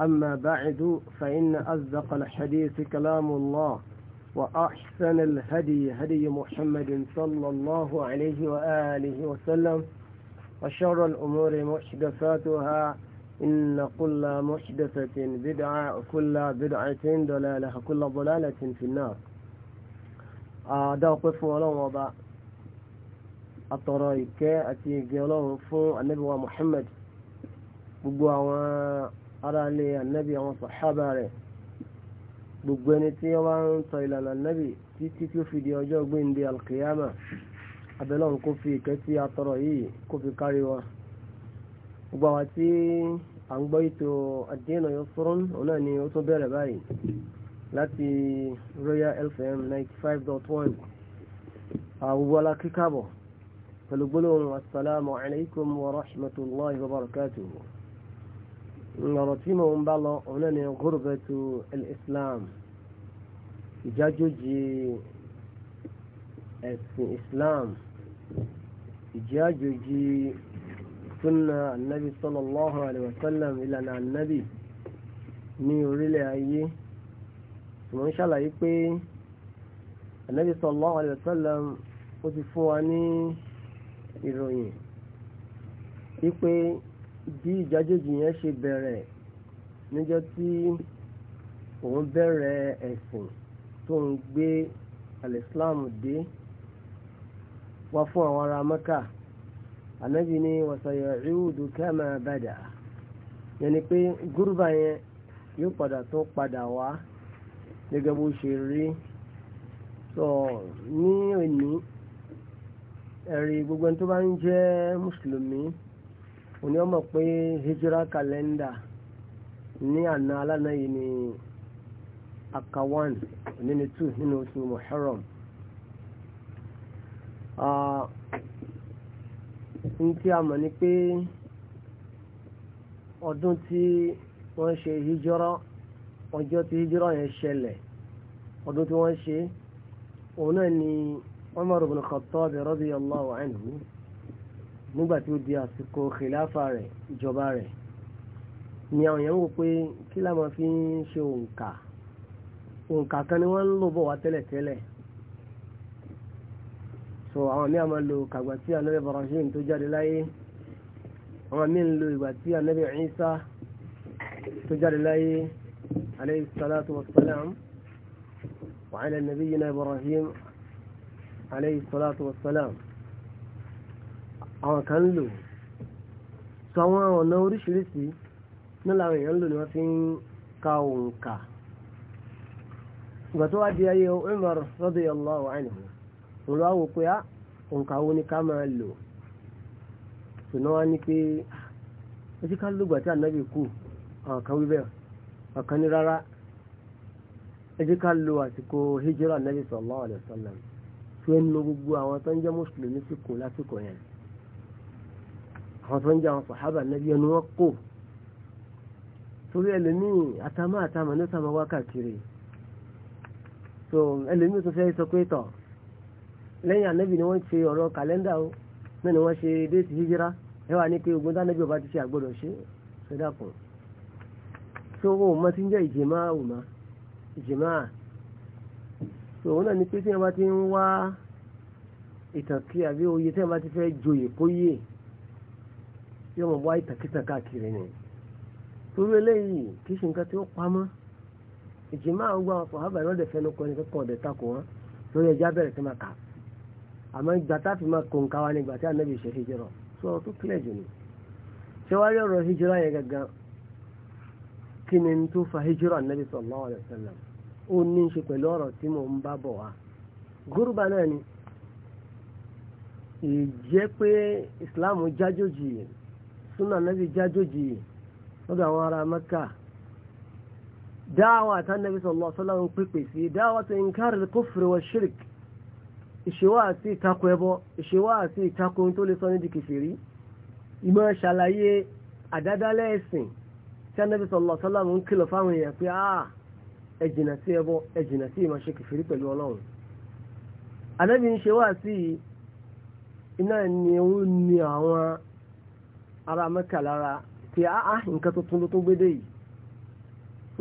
أما بعد فإن أصدق الحديث كلام الله وأحسن الهدي هدي محمد صلى الله عليه وآله وسلم وشر الأمور محدثاتها إن كل محدثة بدعة كل بدعة ضلالة كل ضلالة في النار أدوقف ولا وضع الطريق أتي قلوه فو النبي محمد gbogbo ara lé ànábì àwọn sàhábà rẹ̀ gbogbo ẹni tí wọ́n bá ń tọ ìlànà ànábì títí tí ó fi di ọjọ́ gbéǹde alkiyama abẹ́lọ́run kó fi ìkẹ́ tí a tọrọ yìí kó fi kárí wa gbogbo àwa tí à ń gbọ́ ètò àdéhùn ọ̀yọ́ fúrún òun náà ni ó tún bẹ̀rẹ̀ báyìí láti Royal FM ninety five dot one àwùwọ́lá kíkàbọ̀ pẹ̀lú gbólóhùn asalaamu alaykum wa rahmatulahi wa barakatuhu ọ̀rọ̀ tí mò ń bá lọ òun náà ni ghurbatu al-islam ìjájòjì ẹ̀sìn islam ìjájòjì sunna anabi sallallahu alayhi wa sallam ìlànà anabi ní orílẹ̀ ayé mò ń ṣàlàyé pé anabi sallallahu alayhi wa ti fún wa ní ìròyìn wípé bí ìjájèjì yẹn ṣe bẹ̀rẹ̀ níjọ́ tí òun bẹ̀rẹ̀ ẹ̀sìn tó ń gbé alẹ́sìláàmù dé wá fún àwọn ará mẹ́kà ànábì ní wàsàyà ríwùdù kẹ́mà bàdà yẹn ni pé gúrúbà yẹn yóò padà tó padà wá gẹ́gẹ́ bó ṣe rí sọ ní òní ẹ̀rí gbogbo ẹni tó bá ń jẹ́ mùsùlùmí òní ọmọ pé hijira kalẹ́ndà ní àná alánà yìí ni akawan òní ni two nínú oṣù Muharram ní tí a mọ̀ ni pé ọdún tí wọ́n ṣe hijira ọjọ́ tí hijira yẹn ṣẹlẹ̀ ọdún tí wọ́n ṣe òun náà ni Umar ibn Khattab radiyallahu anhu nígbà tí ó di àsìkò kìláfà rẹ̀ ìjọba rẹ̀ ni àwọn èèyàn wò pé kí la máa fi ń ṣe òǹkà òǹkà kan ni wọ́n ń lò bọ̀ wá tẹ́lẹ̀tẹ́lẹ̀ so àwọn míì máa lo kàgbà tí anabi Ibrahim tó jáde láyé àwọn míì ń lo ìgbà tí anabi Isa tó jáde láyé alayhi salatu wa salam wa ala nabiyyina Ibrahim alayhi salatu wa salam àwọn kan ń lò so àwọn ọ̀nà oríṣiríṣi náà làwọn èèyàn ń lò ni wọ́n fi ń ka òǹkà ìgbà tó wá di ayé Umar radiyallahu anhu òun lọ́wọ́ wò pé á ah, òǹkà wo ni ká máa lò ṣùgbọ́n wá ní pé ó ah, ti ká lùgbà tí ànábì kù àwọn kan wí bẹ́ẹ̀ ọ̀kan ní rárá ẹ ká lo àsìkò hijira ànábì sallallahu alaihi wasallam tí ó ń lo gbogbo àwọn tó ń jẹ́ mùsùlùmí sí kù lásìkò yẹn àwọn tó ń jẹ àwọn sàhábà nẹ́bí ẹnu wọn kò torí ẹlòmíì àtàmà àtàmà ní sàmà wákàkiri so ẹlòmíì tó fẹ́ sọ pé tọ̀ lẹ́yìn ànẹ́bì ni wọ́n ṣe ọ̀rọ̀ kàlẹ́ndà o náà ni wọ́n ṣe déètì hijira ẹ wà ní pé ogun tánẹ́bì ọba ti ṣe àgbọ̀dọ̀ ṣe sọdọ̀kùn so o mọ ti ń jẹ́ ìjìmá òmà ìjìmá so òun náà ni pé tí wọ́n bá ti ń wá ìtàkì àbí oyè tí wọ́n bá ti fẹ́ joyè kóyè. yóò mọ̀ wá ìtàkìtà kiri ni torí eléyìí kì í ṣe nǹkan tí ìjìmá àwọn àwọn sọ̀hábà ìwọ́n dẹ̀ fẹnu kọ ní kẹ́kọ̀ọ́ ta takò wọn lórí ẹja bẹ̀rẹ̀ sí ma kà a fi máa kó nǹkan wa ní ìgbà tí ṣe hijira so tó kílẹ̀ jù ni ṣé wàá rí ọ̀rọ̀ hijira yẹn gangan kí ni tó fa hijira ànábì ó ní í ṣe pẹ̀lú ọ̀rọ̀ tí mò ń bá bọ̀ wá gúrúbà náà ni ìjẹ́ súnà nàbì jájòjì lọ́dọ̀ àwọn ará mẹ́kà dáwà tánàbí sallallahu alaihi wasallam ń pèpè sí dáwà tó inkar al-kufr wa shirk ìṣèwà àti ìtakò ẹbọ ìṣèwà àti ìtakò tó lè sọ ní di kèfèrí ìmọ̀ ṣàlàyé àdádálẹ̀ ẹ̀sìn tí anábì sallallahu alaihi wasallam ń kìlọ̀ fáwọn èèyàn pé áà ah, ẹ sí ẹbọ ẹ sí ìmọ̀ ṣe kèfèrí pẹ̀lú ọlọ́run anábì ń ṣe wá sí iná ni ó ní àwọn ara mẹ́kà lára pé áá nǹkan tuntun ló tó gbédè yìí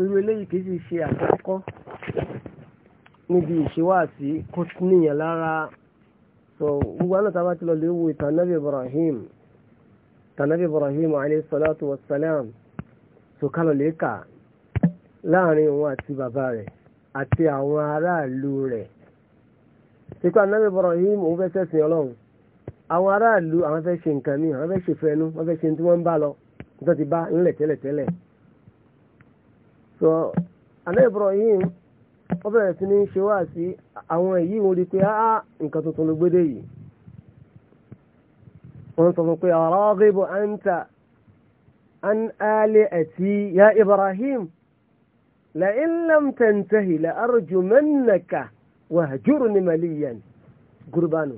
irú eléyìí kì í ṣe àkọ́kọ́ níbi ìṣíwáàsí kó níyàn lára sọ gbogbo àná tábà ti lọ lè wo Nabi Ibrahim tànàbí Ibrahim alayhi salatu wassalam tó kálọ̀ lè kà láàrin òun àti bàbá rẹ̀ àti àwọn aráàlú rẹ̀. Ṣé kí Ibrahim òun fẹ́ sẹ́sìn Ọlọ́run? àwọn aráàlú àwọn fẹ́ ṣe nǹkan míì àwọn fẹ́ ṣe fẹnu wọ́n fẹ́ ṣe tí wọ́n ń bá lọ tó ti bá ńlẹ̀ tẹ́lẹ̀tẹ́lẹ̀ so àná Ibrahim wọ́n bẹ̀rẹ̀ sí ní ṣe wá sí àwọn èyí wọ́n rí pé á nǹkan tuntun ló gbédè yìí wọ́n sọ fún pé raghibu anta an alihati ya Ibrahim la'in lam tantahi la'arjumannaka wahjurni maliyan gurbanu.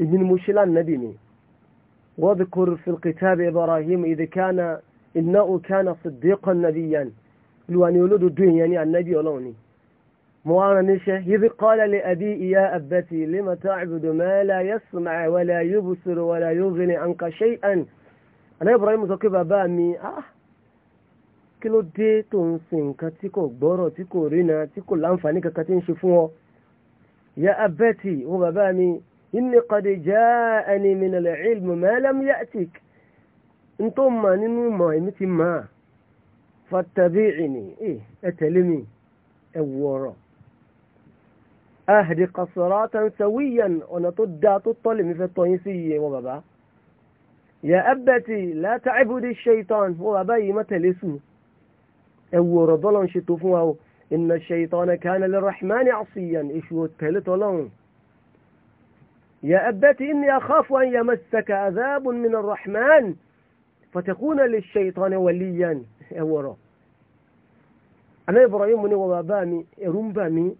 ابن مشلا النبي واذكر في الكتاب إبراهيم إذا كان إنه كان صديقا نبيا لو أن يولد الدنيا يعني النبي ولوني موانا نشه إذ قال لأبي يا أبتي لما تعبد ما لا يسمع ولا يبصر ولا يغني عنك شيئا أنا إبراهيم زكي بابا مي آه kí ló dé tó ń sin nǹkan tí kò gbọ́rọ̀ tí kò rína tí kò kankan tí ń ṣe fún ọ ya abẹ́tì wọn bàbá mi inni qad ja'ani min al-ilm ma lam ya'tik n tó mọ̀ nínú mọ̀ èmi ti mọ̀ fattabi'ini ẹ tẹ̀lé mi ẹ wọ̀rọ̀ ahdika siratan sawiyan ọ̀nà tó dáa tó tọ́ lèmi fẹ́ tọ́ yín sí iye wọn bàbá ya abati la ta'budi shaytan wọn bàbá yìí má tẹ̀lé sùn ẹ wa o inna shaytana kana lirrahmani asiyan èṣù tẹ̀lé tọ́lọ́run يا أبت إني أخاف أن يمسك عذاب من الرحمن فتكون للشيطان وليا يا أنا إبراهيم مني وبابامي إرم بامي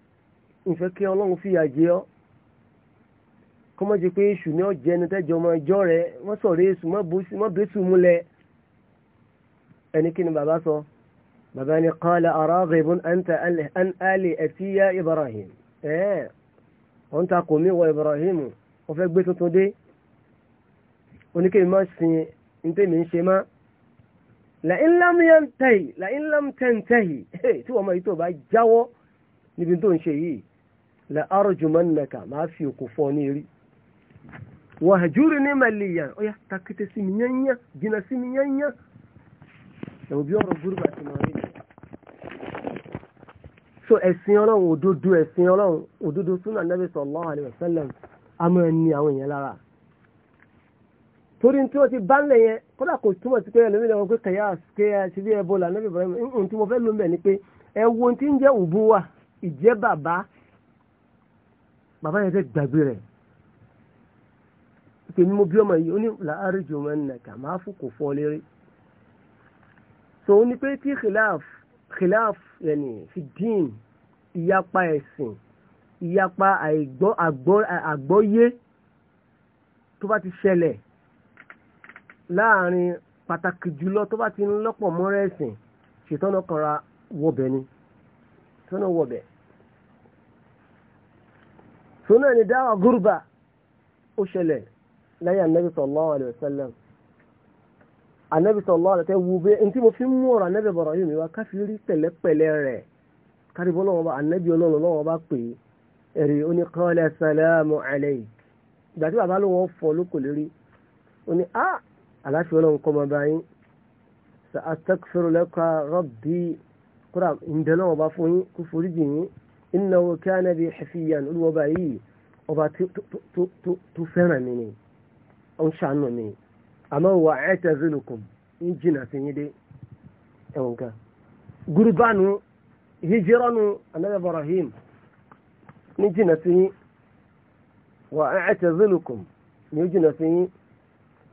إن فكي الله في أجيو كما جكي شنو جنة جمع جوري ما سوريس ما بوس ما بيسو ملي أنا كن بابا سو باباني قال أراغب أنت أن آلي أتي يا إبراهيم إيه أنت قومي وإبراهيم wọ́n fẹ́ gbé tuntun dé oníkèmí má sin ntẹ́mi ń ṣe má làyín lámúyá ń tẹ̀yì làyín lámúkẹ́ ń tẹ̀yì tí wọ́n máa yí tó bá jáwọ́ níbi tó ń ṣe yìí la arjumannaka máa fi òkú fọ́ ní rí wàhàjúrì ní màlìyàn ó yà takété sí mi yányá jìnnà sí mi yányá ẹ̀wọ̀n bí ọ̀rọ̀ gúrú bàtí máa rí so ẹ̀sìn ọlọ́run òdodo ẹ̀sìn ọlọ́run òdodo sunnah a máa ní àwọn èèyàn lára torí tí wọ́n ti bá ńlẹ̀ yẹn kódà kò túmọ̀ sí pé ẹlòmíì lọ́wọ́ pé kẹ̀yà ṣe àti bí ẹbọ là níbi ìbọ̀rẹ́ mi tí mo fẹ́ ló ń bẹ̀ ni pé ẹ wo ohun tí ń jẹ́ òbú wa ìjẹ́ bàbá bàbá yẹn fẹ́ gbàgbé rẹ̀ tèmi mo bí ọmọ yìí ó ní làárí jù mọ́ ẹnìyàn kà máa fún kò fọ́ lérí so ó ní pé tí khilaf khilaf yẹn ni fi dín ìyapa ẹ̀sìn ìyapa àìgbọ́ àgbọ́yé tó bá ti ṣẹlẹ̀ láàrin pàtàkì jùlọ tó bá ti ń lọ́pọ̀ mọ́rẹ́ ẹ̀sìn ṣètọ́nà kanra wọbẹ̀ ni ṣètọ́nà wọbẹ̀. sọ́nà ni dáwà gúrùbà ó ṣẹlẹ̀ láyé anabi sallallahu alayhi wa sallam anabi sallallahu alayhi wa sallam wù bẹ́ẹ̀ ntí mo fi mú ọ̀rọ̀ anabi Ibrahim mi wá káfíńrí pẹ̀lẹ́pẹ̀lẹ́ rẹ̀ kárí lọ́wọ́ bá anabi ọlọ́run lọ́wọ́ bá pè é ẹ̀rí ó ní kọ́lẹ̀ sàlámù aláì ìgbà tí bàbá lòun fọ lóko lórí ó ní a aláṣẹ ọlọ́run kọ́ máa bá yín sa astaghfiru laka rabbi kúrà ǹdẹ́ náà ọba fún yín kó forí jì hijiranu anabi ibrahim ní jìnnà sí yín wà a'tazilukum ní jìnnà sí yín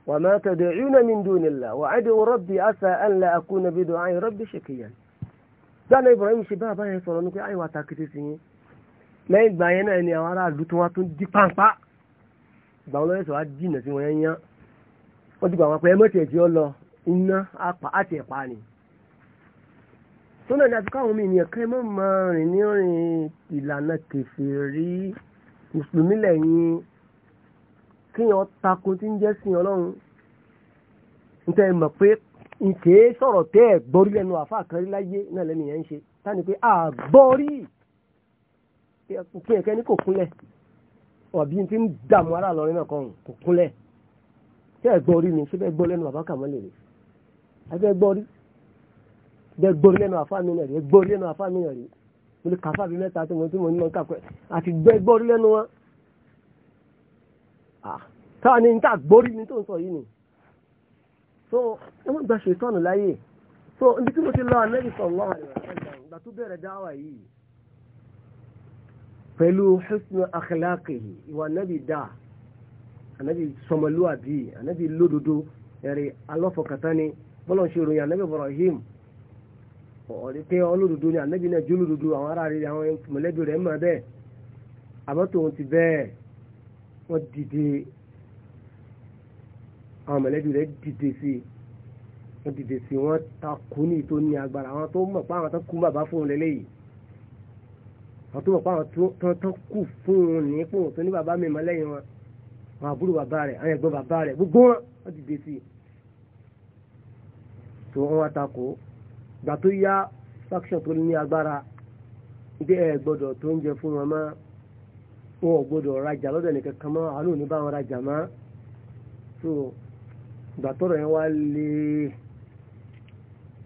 wà ma tad'una min dunillah wà ad'u rabbi asa an la akuna bi du'ai rabbi shakiyan dáná Ibrahim ṣe bá àbáyẹn sọ̀rọ̀ ní pé àyíwá ta kété sí yín lẹ́yìn ìgbà yẹn náà ni àwọn aráàlú tó wá tún di pàǹpá ìgbà wọn lọ́yẹ̀sọ̀ wá jìnnà sí wọn yẹn yán wọ́n ti gbà wọn pé ẹ mọ̀tì ẹ̀jẹ̀ ọ lọ iná àti ẹ̀pá ni náà ni àfikún àwọn ọmọ ènìyàn kan mọ́ máa rìn ní rìn ìlànà kèfèrí mùsùlùmí lẹ́yìn kíyàn tako tí ń jẹ́ sìn ọlọ́run nítorí mọ̀ pé ìké sọ̀rọ̀ tẹ́ ẹ̀ gbọ́rí lẹ́nu àfa àkàrí láyé náà lẹ́nu yẹn ń ṣe táni pé àgbọ́rí kí ẹ̀kẹ́ kò kúnlẹ̀ ọ̀bí tí ń dààmú ara lọ́rin náà kan kò kúnlẹ̀ tẹ́ ẹ̀ gbọ́rí ni ṣé fẹ́ gbọ́ lẹ́nu àbákàmọ́lẹ̀ rẹ̀ ẹ fẹ́ gbọ́rí bẹ gbórí lẹ́nu àfáàmì náà rí gbórí lẹ́nu àfáàmì náà rí mo lè kàfà bí mẹ́ta tí mo tí mo ní lọ kàpẹ́ àti gbẹ gbórí lẹ́nu wọn. táwa ni níta tó ń sọ yìí ni so ẹ mọ̀ gba ṣètọ́nù láyè so ibi tí mo ti lọ Ànábì sallallahu alaihi wasallam ìgbà tó bẹ̀rẹ̀ dáwà yìí pẹ̀lú husnu akhlaqihi ìwà Ànábì dáa anabi sọmọlúwàbí anabi lódodo ẹ̀rí alọ́fọ̀kàtà ni bọ́lọ̀ ṣe ròyìn anabi Ibrahim ọ̀rí pé olódodo ni ànábì náà jó lódodo àwọn ará rẹ̀ àwọn mọ̀lẹ́bí rẹ̀ mọ̀ bẹ́ẹ̀ àmọ́ tòun ti bẹ́ẹ̀ wọ́n dìde àwọn mọ̀lẹ́bí rẹ̀ dìde sí i wọ́n dìde sí i wọ́n takú ní ìtò ní agbára àwọn tó mọ̀ pé àwọn tó kú bàbá fún un lélẹ́yìí àwọn tó mọ̀ pé àwọn tó kú fún un ní pòun tó ní bàbá mi mọ́ lẹ́yìn wọn àwọn àbúrò bàbá rẹ̀ àwọn ẹ̀gbọ́n bàbá rẹ̀ gbogbo wọn wọ́n dìde sí i tó wọ́n wá takò gbà tó yá faction tó ní agbára bí ẹ gbọ́dọ̀ tó ń jẹ fún wọn mọ́ wọn ò gbọ́dọ̀ rajà lọ́dọ̀ nìkan kan mọ́ àánú ní bá rajà mọ́ so gbà tọ́rọ̀ yẹn wá lè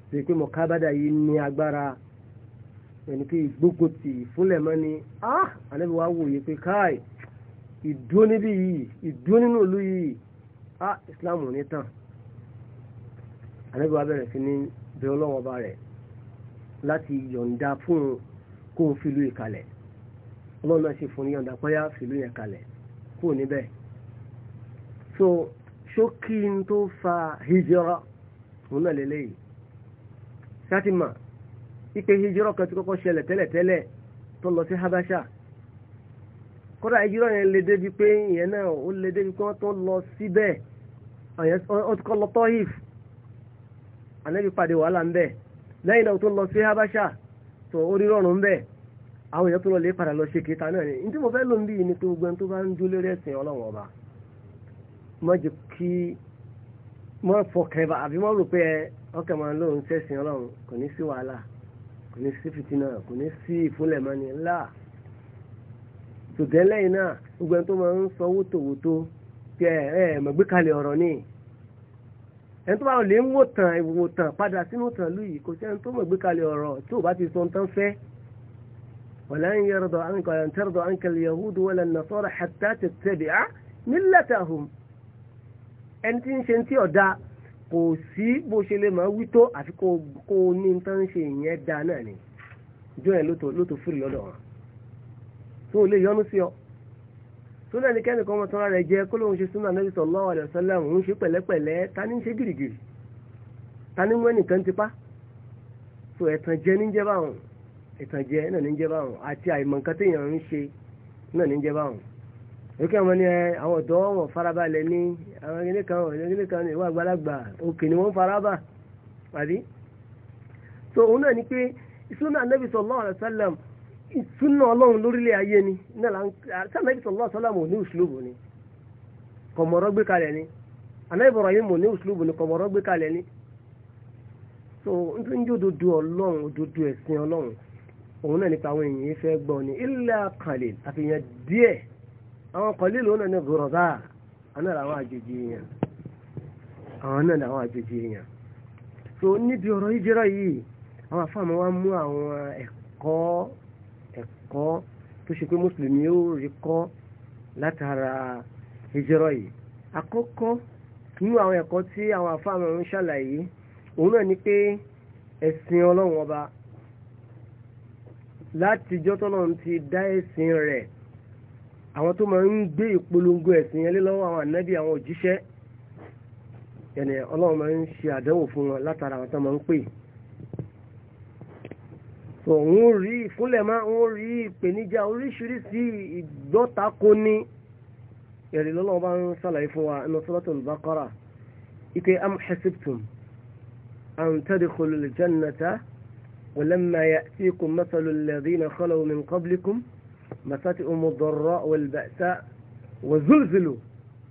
ṣe pé mọ̀kábádà yìí ní agbára ẹni pé tì fúnlẹ̀ mọ́ ni ah ànábi wá wòye pé káì ìdúró níbí yìí ìdúró nínú ìlú yìí ah Islam ò ní tàn ànábi wá bẹ̀rẹ̀ sí ní bẹ ọlọ́wọ́n bá rẹ̀ láti yọ̀ǹda fún un kó o fi ìlú yìí ọlọ́run náà ṣe fún un yọ̀ǹda pẹ́yà fi ìlú yẹn kalẹ̀ kó o níbẹ̀. so ṣókí n tó fa hijira òun náà lélẹ́yìí sátìmọ̀ ipe hijira kan ti kọ́kọ́ ṣẹlẹ̀ tẹ́lẹ̀tẹ́lẹ̀ tó lọ sí habasha kódà hijira yẹn lè débi pé ìyẹn náà ó lè débi pé wọ́n tó lọ síbẹ̀ ọ̀yẹ́ ọ̀tí kọ́ lọ tọ́hìf ànábì pàdé wàhálà ń bẹ̀ lẹ́yìn náà tó lọ sí habasha tó orí rọrùn ń bẹ̀ àwọn èèyàn tó lọ lè padà lọ ṣe kéta náà ni ní tí mo fẹ́ lò ń bí ni pé gbogbo ẹni tó bá ń dúró lórí ẹ̀sìn ọlọ́run ọba má jẹ́ kí má fọkàn ẹ̀bà àbí má rò pé ọkàn máa lóun sẹ́sìn ọlọ́run kò ní sí wàhálà kò ní sí fìtínà kò ní sí ìfúnlẹ̀ mọ́ni ńlá tòtẹ́lẹ́yìn náà gbogbo ẹni tó máa ń sọ wótòwótó pé ẹ̀ ẹ̀ mọ̀gbékalẹ̀ ọ̀rọ̀ ni ẹni tó bá lè ń wò tàn ìwò tàn padà sínú tàn lù yìí kò sẹ́ni tó mọ̀ gbé kalẹ̀ ọ̀rọ̀ tí ò bá ti sọ tán fẹ́. wàlá ń yẹrọdọ ànkà ń tẹrọdọ ànkà yahudu wala nasara hatta tattabi'a millatahum. ẹni tí ń ṣe ti ọ̀dà kò sí bó ṣe lè máa wí tó àfi kó o ní tán ṣe ìyẹn dáa náà ni jọ́ yẹn ló tó fúri lọ́dọ̀ wọn. tó o lè yọnu sí ọ súnà ní kẹ́nìkan ọmọ tọ́ra rẹ̀ jẹ́ kó lóun ṣe súnà Nabi sallallahu alaihi wasallam òun ṣe pẹ̀lẹ́pẹ̀lẹ́ ta ní ṣe gìrìgìrì ta ní wọ́n nìkan ti pa so ẹ̀tànjẹ ní jẹ́ báwọn ẹ̀tànjẹ náà ní jẹ́ báwọn àti àìmọ̀ǹkan téèyàn ń ṣe náà ní jẹ́ báwọn òkè àwọn ni eh, àwọn ọ̀dọ́ wọn farabalẹ̀ ní àwọn ilé kan ilé kan ìwà àgbàlagbà faraba àbí so òun náà ní pé sallallahu alaihi wasallam ìtúnà ọlọ́run lórílẹ̀ ayé ni sànàbí sọlọ́ sọlámù ní ùsùlùbù ni kọ̀mọ̀rọ̀ gbé kalẹ̀ ni ànábì Ìbráhímù ní ùsùlùbù ni so n tó ń jó dodo ọlọ́run dodo ẹ̀sìn ọlọ́run òun náà nípa àwọn èèyàn fẹ́ gbọ́ ni illa qalil àfihàn díẹ̀ àwọn qalil lòun náà ní gòròbá àwọn náà làwọn àjèjì èèyàn àwọn àjèjì èèyàn so níbi ọ̀rọ̀ ìjẹ́rọ̀ yìí àwọn afáàmù wa mú àwọn ẹ̀kọ́ kọ́ tó ṣe pé mùsùlùmí yóò rí kọ́ látara ìjọrọ yìí àkọ́kọ́ nínú àwọn ẹ̀kọ́ tí àwọn afáàmì ń ṣàlàyé òun náà ni pé ẹ̀sìn ọlọ́run ọba látijọ́ tọ́lọ́run ti dá ẹ̀sìn rẹ̀ àwọn tó máa ń gbé ìpolongo ẹ̀sìn yẹn lé lọ́wọ́ àwọn ànábì àwọn òjíṣẹ́ ẹni ọlọ́run máa ń ṣe àdánwò fún wọn látara àwọn tó máa ń pè é so rí ìkúnlẹ̀ máa ń rí ìpèníjà oríṣiríṣi kó ní ẹ̀rí lọ́nà ọba ń ṣàlàyé fún wa inú Suratul bákọ́rà ike am hasibtum an tadkhulul jannata ولما يأتيكم مثل الذين خلوا من قبلكم مستهم الضراء والبأساء وزلزلوا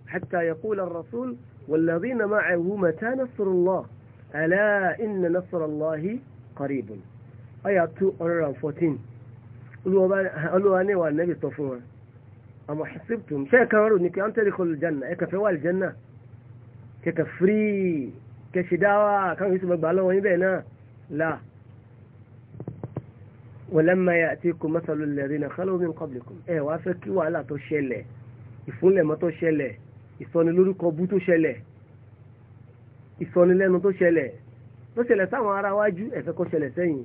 حتى يقول الرسول والذين معه متى نصر الله ألا إن نصر الله قريب àyà two hundred and fourteen olúwa ní ìwà nẹ́bí sọ fún wọn àmọ́ hasibtum ṣé ẹ̀ka ọ̀rọ̀ ní pé à ń tẹ́lẹ̀ kọlu janna ẹ̀ka wà lè janna kẹ̀kẹ́ free kẹ̀ṣẹ̀ dáwà káwọn yìí sì máa gbà lọ́wọ́ yín bẹ́ẹ̀ náà là walamma ya'tikum mathalu alladhina khalu min qablikum ẹ̀ wá fẹ́ kí wàhálà tó ṣẹlẹ̀ ìfúnlẹ̀mọ́ tó ṣẹlẹ̀ ìsọnilórúkọ bú tó ṣẹlẹ̀ ìsọnilẹ́nu tó ṣẹlẹ̀ tó ṣẹlẹ̀ sáwọn ará wájú ẹ̀fẹ́ kó ṣẹlẹ̀ sẹ́yìn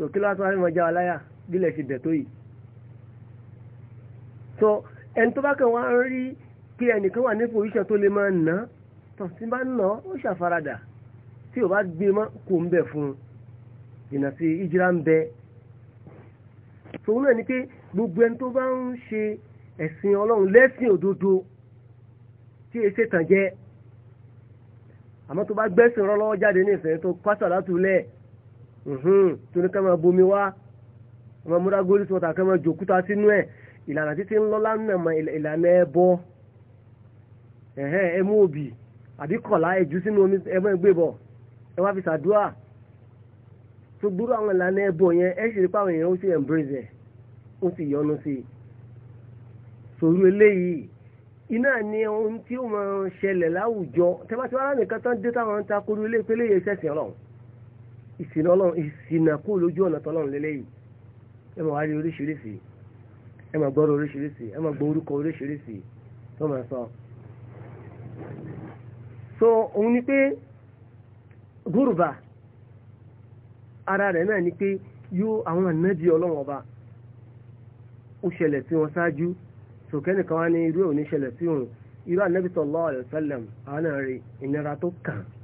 so kí lásán wá ní mọ̀já aláyà bílẹ̀ ti bẹ̀ yìí so ẹni tó bá kàn wá ń rí pé ẹnìkan wà ní pòsíṣàn tó lè máa nà á tọ̀ sí bá nà á ó ṣàfaradà tí ò bá gbé mọ́ kò ń bẹ̀ fún un jìnnà sí ìjìrá ń bẹ tòun náà ni pé gbogbo ẹni tó bá ń ṣe ẹ̀sìn ọlọ́run lẹ́sìn òdodo tí e ṣe tàn jẹ àmọ́ tó bá gbẹ́sìn rọ́lọ́wọ́ jáde ní ìfẹ́ tó pásọ̀ látúlẹ̀ Mhm. tó ní ká máa bomi wá ọmọ múra góòlù tí wọ́n ta ká máa jòkúta sínú ẹ̀ ìlànà títí ń lọ́lá ń nàmọ ìlànà ẹbọ ẹ̀hẹ́ ẹmú òbí àbí kọ̀lá ẹ̀jú sínú omi ẹmọ ẹgbẹ́ bọ̀ ẹ wá fi ṣàdúrà tó gbúrú àwọn ìlànà ẹbọ yẹn ẹ sì rí pàwọn èèyàn ó sì embrace ẹ̀ ó sì yọnu sí i sòrú eléyìí iná ni ohun tí ó máa ń ṣẹlẹ̀ láwùjọ tẹ́bátí wọn á nìkan tán dé táwọn ń ta kóró ilé ìpele yẹn ṣẹ̀sìn ọlọ́run ìsìn ọlọ́run ìsìnà kú lójú ọ̀nà tọ́lọ́run lélẹ́yìí ẹ máa wá rí oríṣiríṣi ẹ máa gbọ́rọ̀ oríṣiríṣi ẹ máa gbọ́ orúkọ oríṣiríṣi tó máa sọ. so òun ni pé gúrùbà ara rẹ̀ náà ni pé yóò àwọn ànábì ọlọ́run ọba ó ṣẹlẹ̀ sí wọn ṣáájú sòkẹ́nìkan wá ní irú ẹ̀ ò ní ṣẹlẹ̀ sí òun irú ànábì sallallahu alaihi àwọn náà rí ìnira tó kàn án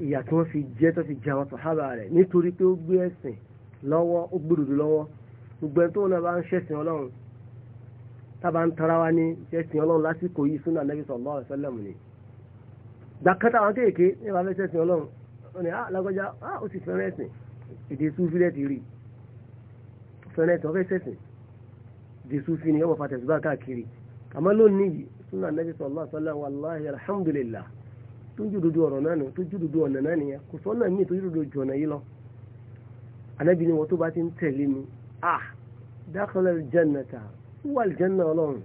ìyà tí wọ́n fi jẹ́ tó fi jẹ àwọn sàhábà rẹ̀ nítorí pé ó gbé ẹ̀sìn lọ́wọ́ ó gbòdòdó lọ́wọ́ gbogbo ẹni tó náà bá ń ṣẹ̀sìn ọlọ́run tábà ń tara wa ní ṣẹ̀sìn ọlọ́run lásìkò yìí súnà nẹ́bí sallallahu alaihi wasallam ni gbàkátà àwọn kéèké ní ìbá fẹ́ ṣẹ̀sìn ọlọ́run ah, ah, ó ní alágbọ́já ó sì fẹ́rẹ́ ẹ̀sìn èdè súfì lẹ́ẹ̀tì rí fẹ́rẹ́ ẹ̀sìn ọ̀fẹ́ tó jòdodo ọ̀rọ̀ náà nù tó jòdodo ọ̀nà náà nìyẹn kò sọ́nà míì tó jòdodo jù ọ̀nà yìí lọ anábì ni wọn tó bá ti ń tẹ̀lé mi ah dakhala al-jannata wà al-janna ọlọ́run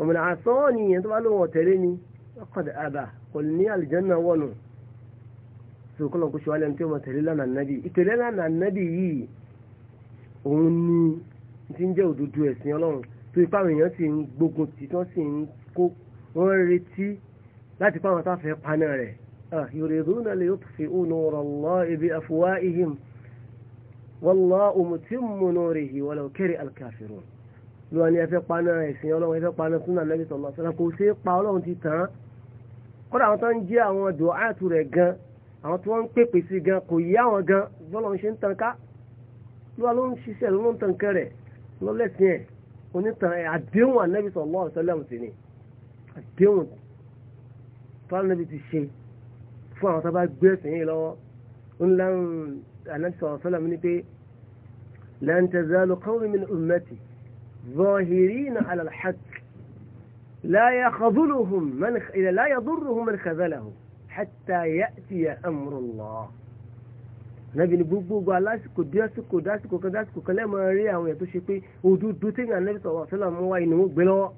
ọmọ náà àsán nìyẹn tó bá lóun ọ̀tẹ̀lé ni laqad aba kò ní al-janna wọnù tó kọ́ lọ́n kó ṣọwálẹ̀ ní tí wọ́n tẹ̀lé lánàá nàbì ìtẹ̀lé lánàá nàbì yìí òun ni ti ń jẹ́ òdodo ẹ̀sìn ọlọ́run tó ipá àwọn èèyàn sì ń gbógun tì tí wọ́n sì ń kó wọ́n retí láti pa àwọn táfẹ́ paná rẹ̀ yuriduna li yutfi'u nurallahi bi afwahihim wallahu mutimmu nurihi walau kari al-kafirun lọ́wọ́ ni ẹfẹ́ paná ẹ̀sìn ọlọ́run ẹfẹ́ paná súnà lẹ́bí sọ̀lọ́ sọ́lá kò ṣe é pa ọlọ́run ti tàn án kọ́dà àwọn tó ń jẹ́ àwọn ọ̀dọ̀ ààtù rẹ̀ gan àwọn tó ń pèpè sí gan kò yí àwọn gan bọ́lọ́run ṣe ń tọ́lánàbí ti ṣe fún àwọn tó bá gbé ẹ̀sìn yìí lọ́wọ́ ńlá ànábìsọ̀ ọ̀sọ́làmù ni pé lan tazalu qawmin min ummati zahirina ala al-haqq la yakhzuluhum man la yadurruhum man khazalahum hatta ya'tiya amrullah nàbì ni gbogbogbò alásìkò dé àsìkò dásìkò kan dásìkò kan lẹ́mọ̀ rí àwọn èèyàn tó ṣe pé òdodo tí ìyàn sọ̀rọ̀ sọ́làmù wáyé ni wọ́n gbé lọ́wọ́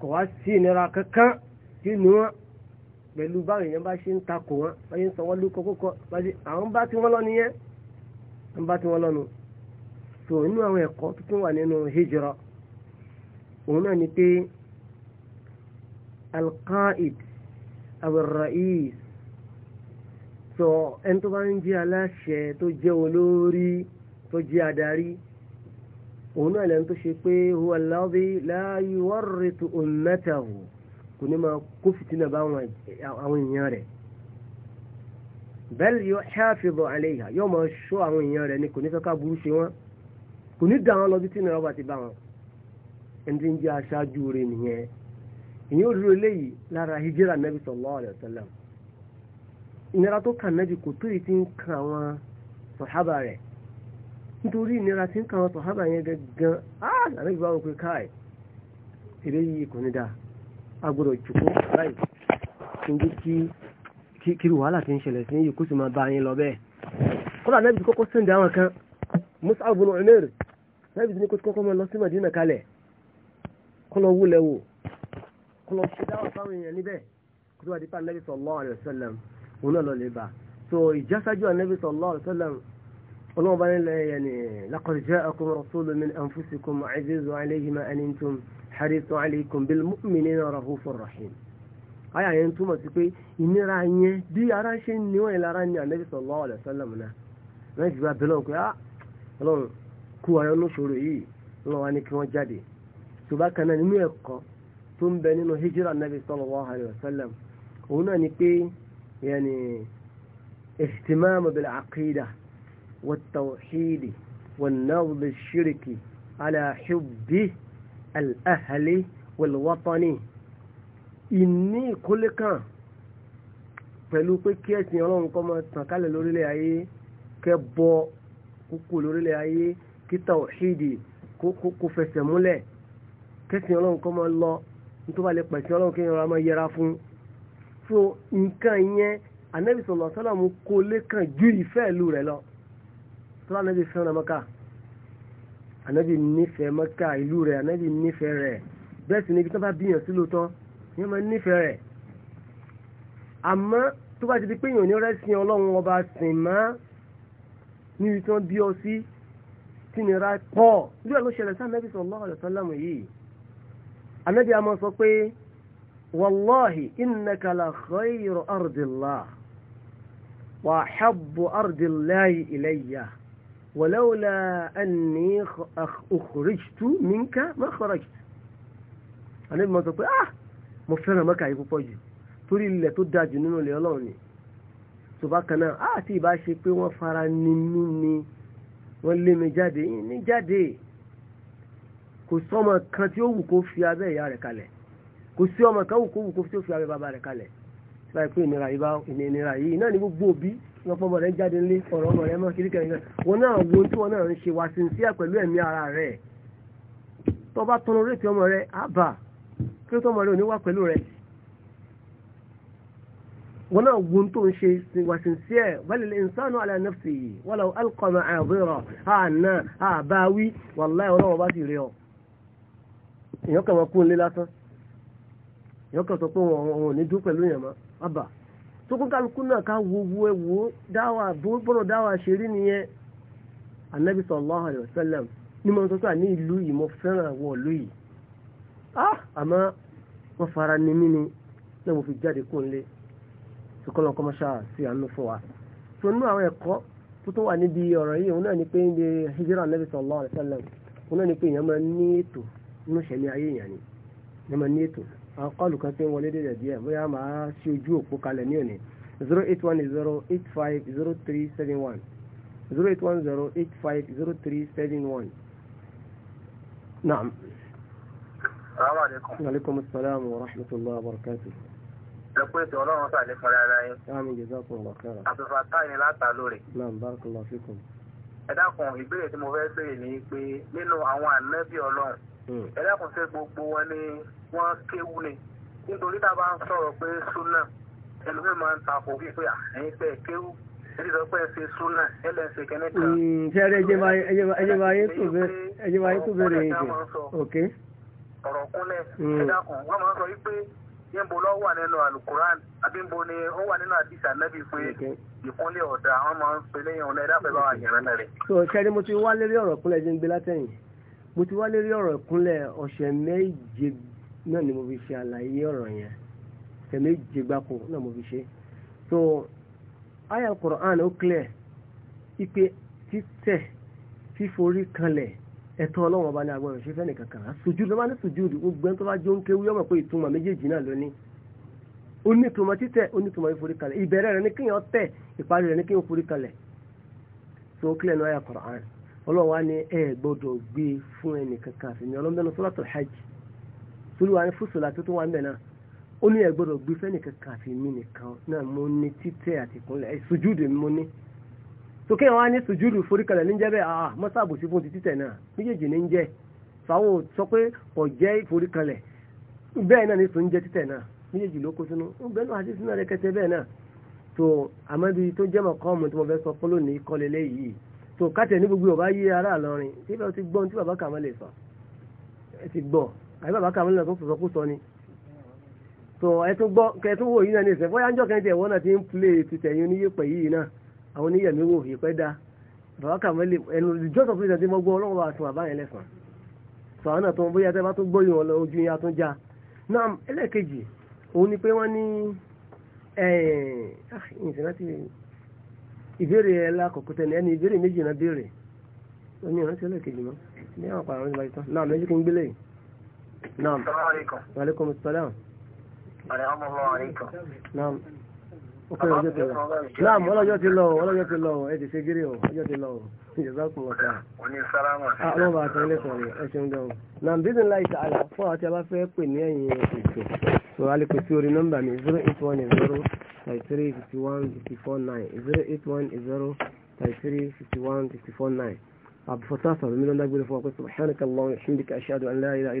kò sí ìnira kankan sínú wọn pẹ̀lú báwọn èèyàn bá ṣe ń takò wọn bá ṣe ń sanwó lóko kókó bá ṣe àwọn bá tí wọ́n lọ nìyẹn wọ́n bá tí wọ́n lọ́nu so inú àwọn ẹ̀kọ́ tuntun wà nínú hijira òun náà ni pé alqaid awurra'is so ẹni tó bá ń jẹ́ aláṣẹ tó jẹ́ olórí tó jẹ́ adarí òun náà lẹ́nu tó ṣe pé huwa alladhi la yuwarritu ummatahu kò ní máa kó fìtínà bá àwọn èèyàn rẹ̀ bẹ́ẹ̀ yóò hafizu alayha yóò máa ṣọ́ àwọn èèyàn rẹ̀ ni kò ní fẹ́ ká burú ṣe wọ́n kò ní dà wọ́n lọ bí tìǹbà bá ti bá wọn ẹni tí ń jẹ́ aṣáájú rẹ̀ nìyẹn ìyẹn òdúró eléyìí lára hijira nabi sallallahu alayhi wa sallam ìnira tó kàn nabi kò tó yìí ti ń kan àwọn sọ̀hábà rẹ̀ nítorí ìnira ti ń kan àwọn sọ̀hábà yẹn gẹ́gẹ́ gan-an ànábì ah, bá agbọ́dọ̀ jùkọ́ láì níbi kí kiri wàhálà ti ń ṣẹlẹ̀ sí yìí kó sì máa bá yín lọ bẹ́ẹ̀. kọ́lá náà bí kọ́kọ́ sẹ́ndì àwọn kan Mus'ab ibn Umair náà bí ní kó kọ́kọ́ máa lọ sí Madina kalẹ̀ kọ́lọ́ wúlẹ̀ wò kọ́lọ́ ṣe dáwọ́ fáwọn èèyàn níbẹ̀ kó tó wà dípa Nabi sallallahu alaihi wasallam òun náà lọ lè bà so ìjásájú Nabi sallallahu alaihi wasallam ọlọ́wọ́ bá nílẹ̀ yẹn ni laqad ja'akum rasulun min anfusikum 'azizun 'alayhi ma anittum harisu alaykum bil mu'minina rahufur rahim àyà yẹn túmọ̀ sí pé ìnira yẹn bí ara ṣe ń níwọ̀n yẹn lára ní anabi sallallahu alaihi wasallam náà wọ́n ti gba abẹ́lẹ̀ pé ah ọlọ́run kú ayọ́ ló ṣòro yìí lọ́wọ́ wa ní kí wọ́n jáde ṣùgbọ́n kan náà nínú ẹ̀kọ́ tó ń bẹ nínú hijira anabi sallallahu alaihi wasallam òun ni pé yẹn ihtimamu bil aqida wat tawhid wan nawd ash-shirki ala hubbihi al-ahli wal-watani ìní ìkólé kan pẹ̀lú pé kí ẹ̀sìn ọlọ́run kó máa tàn kálẹ̀ lórílẹ̀ ayé kẹ́ bọ kókó lórílẹ̀ ayé kí tawhidi kó fẹsẹ̀ múlẹ̀ kẹ́sìn ọlọ́run kó máa lọ nítorí wà lè pẹ̀sìn ọlọ́run kí ìrora máa yẹra fún so nǹkan yẹn anabi kólé kan ju ìfẹ́ ìlú rẹ̀ lọ sọlá anabi fẹ́ràn mọ́ká ànábì nífẹ̀ẹ́ mọ́kà ìlú rẹ̀ ànábì nífẹ̀ẹ́ rẹ̀ bẹ́ẹ̀ sì ni ibi tó bá bíyàn sí lóòótọ́ yẹn máa nífẹ̀ẹ́ rẹ̀ àmọ́ tó bá ti di pé èèyàn ní rẹ́sìn ọlọ́run ọba sìn mọ́ níbi tí wọ́n bí ọ sí tìnira pọ̀ bí ẹ̀ ló ṣẹlẹ̀ sí ànábì sallallahu alaihi wasallam yìí ànábì àmọ́ sọ pé wallahi innaka la khayru ardillah wa habbu ardillahi ilayya wọ̀lẹ́wọ̀lá ẹni ọkùnrìjìtú minka mọ́kànrìjì àníbi mọ́ sọ pé ah mo fẹ́ràn mọ́kà yìí púpọ̀ jù torí ilẹ̀ tó dáa jù nínú ilẹ̀ ọlọ́run ni tó bá kan náà ah tí ìbá ṣe pé wọ́n fara ni mí ni wọ́n lé mi jáde ní jáde kò sọ́mọ kan tí ó wù kó fi abẹ́ ìyá rẹ̀ kalẹ̀ kò sí ọmọ kan wù kó wù kó fi abẹ́ bàbá rẹ̀ kalẹ̀ síbáyé pé ìnira yìí náà ni gbogbo òbí lọ́pọ̀ ọmọ rẹ̀ ń jáde nílé ọ̀rọ̀ ọmọ rẹ̀ mọ́ kiri kẹrin náà wọn náà wo tí wọn náà ń ṣe wá sí ní síyà pẹ̀lú ẹ̀mí ara rẹ̀ tó bá tọrọ rétí ọmọ rẹ̀ àbà kí ó tọmọ rẹ̀ ò ní wá pẹ̀lú rẹ̀ wọn náà wo tó ń ṣe wá sí ní síyà balil insanu ala nafsihi walau alqa ma'adhira àná àbáwí wallahi ọlọ́wọ́ bá sì rí ọ èèyàn kàn kú ń lé lásán èèyàn kàn sọ pé wọn ò ní dún pẹ̀lú èèyàn mọ́ àbà tó kún kálukú náà ká wo wo ẹ wo dáwà bó bọ́rọ̀ dáwà ṣe rí nìyẹn anabi sallallahu alayhi wa sallam ní mo sọ sọ ìlú yìí mo fẹ́ràn wọ ìlú yìí ah àmọ́ wọ́n fara ní mí ni náà mo fi jáde kó n lé sọkọlọ kọmọṣà sí àánú fún wa tó nú àwọn ẹ̀kọ́ tó tó wà níbi ọ̀rọ̀ yìí òun náà ni pé ń hijira anabi sallallahu alayhi wa sallam òun náà ni pé èèyàn máa ní ètò inú ìṣẹ̀lẹ̀ ayé èèyàn ni èèyàn máa ní ètò àwọn kọlù kan tí ń wọlé dèdè díẹ̀ bóyá màá ṣe ojú òpó kalẹ̀ ní òní zero eight one zero eight five zero three seven one zero eight one zero eight five zero three seven one. naam. salaamu aleykum. aleykum salaam wa rahmatullahi wa barakatuh. ẹ pé tí ọlọ́run sàlẹ̀ fúnra ara yín. àmín jazakumullahu khairan. àtúfà táyì ni látà lórí. naam barakallahu fikum. ẹ dákun ìbéèrè tí mo fẹ́ béèrè ni pé nínú àwọn ànábì ọlọ́run Hmm. ẹ dákun ṣe gbogbo wọn ni wọ́n kéwu ni nítorí tá a bá ń sọ̀rọ̀ pé súnà ẹlòmíì máa ń takò wípé àyìn pé kéwu ẹni sọ pé ẹ ṣe súnà ẹ lẹ́ ṣe kẹ́lẹ́ kan. Hmm, ṣé ẹ jẹ́ bá ayé tó bẹ̀rẹ̀ yẹn jẹ́ ok. ọ̀rọ̀ kúnlẹ̀ hmm. ẹ dákun wọ́n máa ń sọ wípé níbo ló wà nínú alukuran àbí níbo ni ó wà nínú àdìsá nẹ́bí pé ìkúnlẹ̀ ọ̀dà wọ́n máa ń pe lẹ́yìn ọ̀nà ẹ̀dá pẹ̀lú àwọn àyẹ̀rẹ́ rẹ̀. sọ ṣẹ́ni mo ti wá lérí ọ̀rọ̀ kúnlẹ̀ jẹ́ ń gbé látẹ̀yìn. mo ti wá lérí ọ̀rọ̀ ìkúnlẹ̀ ọ̀sẹ̀ méje náà ni mo fi ṣe àlàyé ọ̀rọ̀ yẹn ọ̀sẹ̀ méje gbáko náà mo fi ṣe so aya Qur'an ó clear ipe títẹ̀ fíforí kanlẹ̀ ẹ̀tọ́ ọlọ́wọ́n ọba ní agbọ́dọ̀ ṣe ló bá ní sojú gbogbo ẹni tó bá jó ń kéwú pé ìtumọ̀ méjèèjì náà lóní títẹ̀ ìforí kanlẹ̀ ìbẹ̀rẹ̀ ní kéèyàn tẹ̀ ìparí ní forí ọlọ́run wá ní ẹ gbọ́dọ̀ gbé fún ẹnì kankan àfi ní ọlọ́mọdé suratul hajj torí wa ní fúsùlà tó tún wà ń bẹ̀ náà ó ní ẹ gbọ́dọ̀ gbé fẹ́nì kankan àfi mí nìkan náà mo ní títẹ́ àti ìkúnlẹ̀ ẹ sùjúdù mo ní. sókè wọn ní sùjúdù foríkalẹ̀ ní jẹ́ bẹ́ẹ̀ ah mọ́sá àbòsí fún ti títẹ̀ náà méjèèjì ní jẹ́ fáwọn sọ pé kò jẹ́ foríkalẹ̀ bẹ́ẹ̀ náà ní sùn jẹ́ títẹ̀ náà méjèèjì ló kó sínú ó bẹ́ẹ̀ náà àti sínú rẹ̀ kẹsẹ̀ bẹ́ẹ̀ náà tó kátẹ̀ ní gbogbo ọba yé ara àlọrin tí bá ti gbọ́n tí bàbá kàmọ́ lè sọ ẹ ti gbọ́ àbí bàbá kàmọ́ lè sọ sọ kó sọ ni tó ẹ tún gbọ́ kẹ tún wò yín náà ní ìsẹ̀ bóyá ńjọ́ kẹ́ńtì ẹ̀wọ́n náà ti ń pilẹ̀ títẹ̀ yín oníyẹ̀pẹ̀ yìí náà àwọn oníyẹ̀mí wò yípẹ́ dáa bàbá kàmọ́ lè ẹnu ìjọ́sọ̀ fún ìdàtí mọ́ gbọ́ ọlọ́wọ́ àti bàbá yẹn lẹ́sàn sọ àwọn náà tó ń bóyá tẹ́ bá tún gbọ́ yìí wọn lọ ojú yín ìbéèrè ẹ lákòókò tẹ́lẹ̀ ẹni ìbéèrè méjì náà béèrè ó ní ìrántí ẹlẹ́kejì mọ́ ní àwọn àpàrọ̀ ìbáyìí tán náà méjì kí n gbélé náà. Assalamu alaikum. Wa alaikum assalam ọkọ̀ ọjọ́ ti lọ náà mọ́ ọlọ́jọ́ ti lọ ọlọ́jọ́ ti lọ ẹ ti ṣe gírí ọjọ́ ti lọ ìjọba kò wọ́ta àwọn ọba àtàwọn ilé sọ̀rọ̀ ẹ ṣeun gan náà bíbí ńlá ìta àlà fún àti abá fẹ́ pè ní ẹ̀yìn ètò tó a sí orí nọ́mbà mi zero eight one zero thirty three fifty one fifty four nine zero eight one zero thirty three fifty one fifty four nine àbúfọ́tà sọ̀rọ̀ mi ló ń dágbére fún ọ pé subhanaka Allahumma wa bihamdika ashhadu an